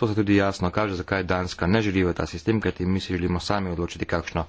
To se tudi jasno kaže, zakaj Danska ne želi v ta sistem, kajti mi si želimo sami odločiti, kakšno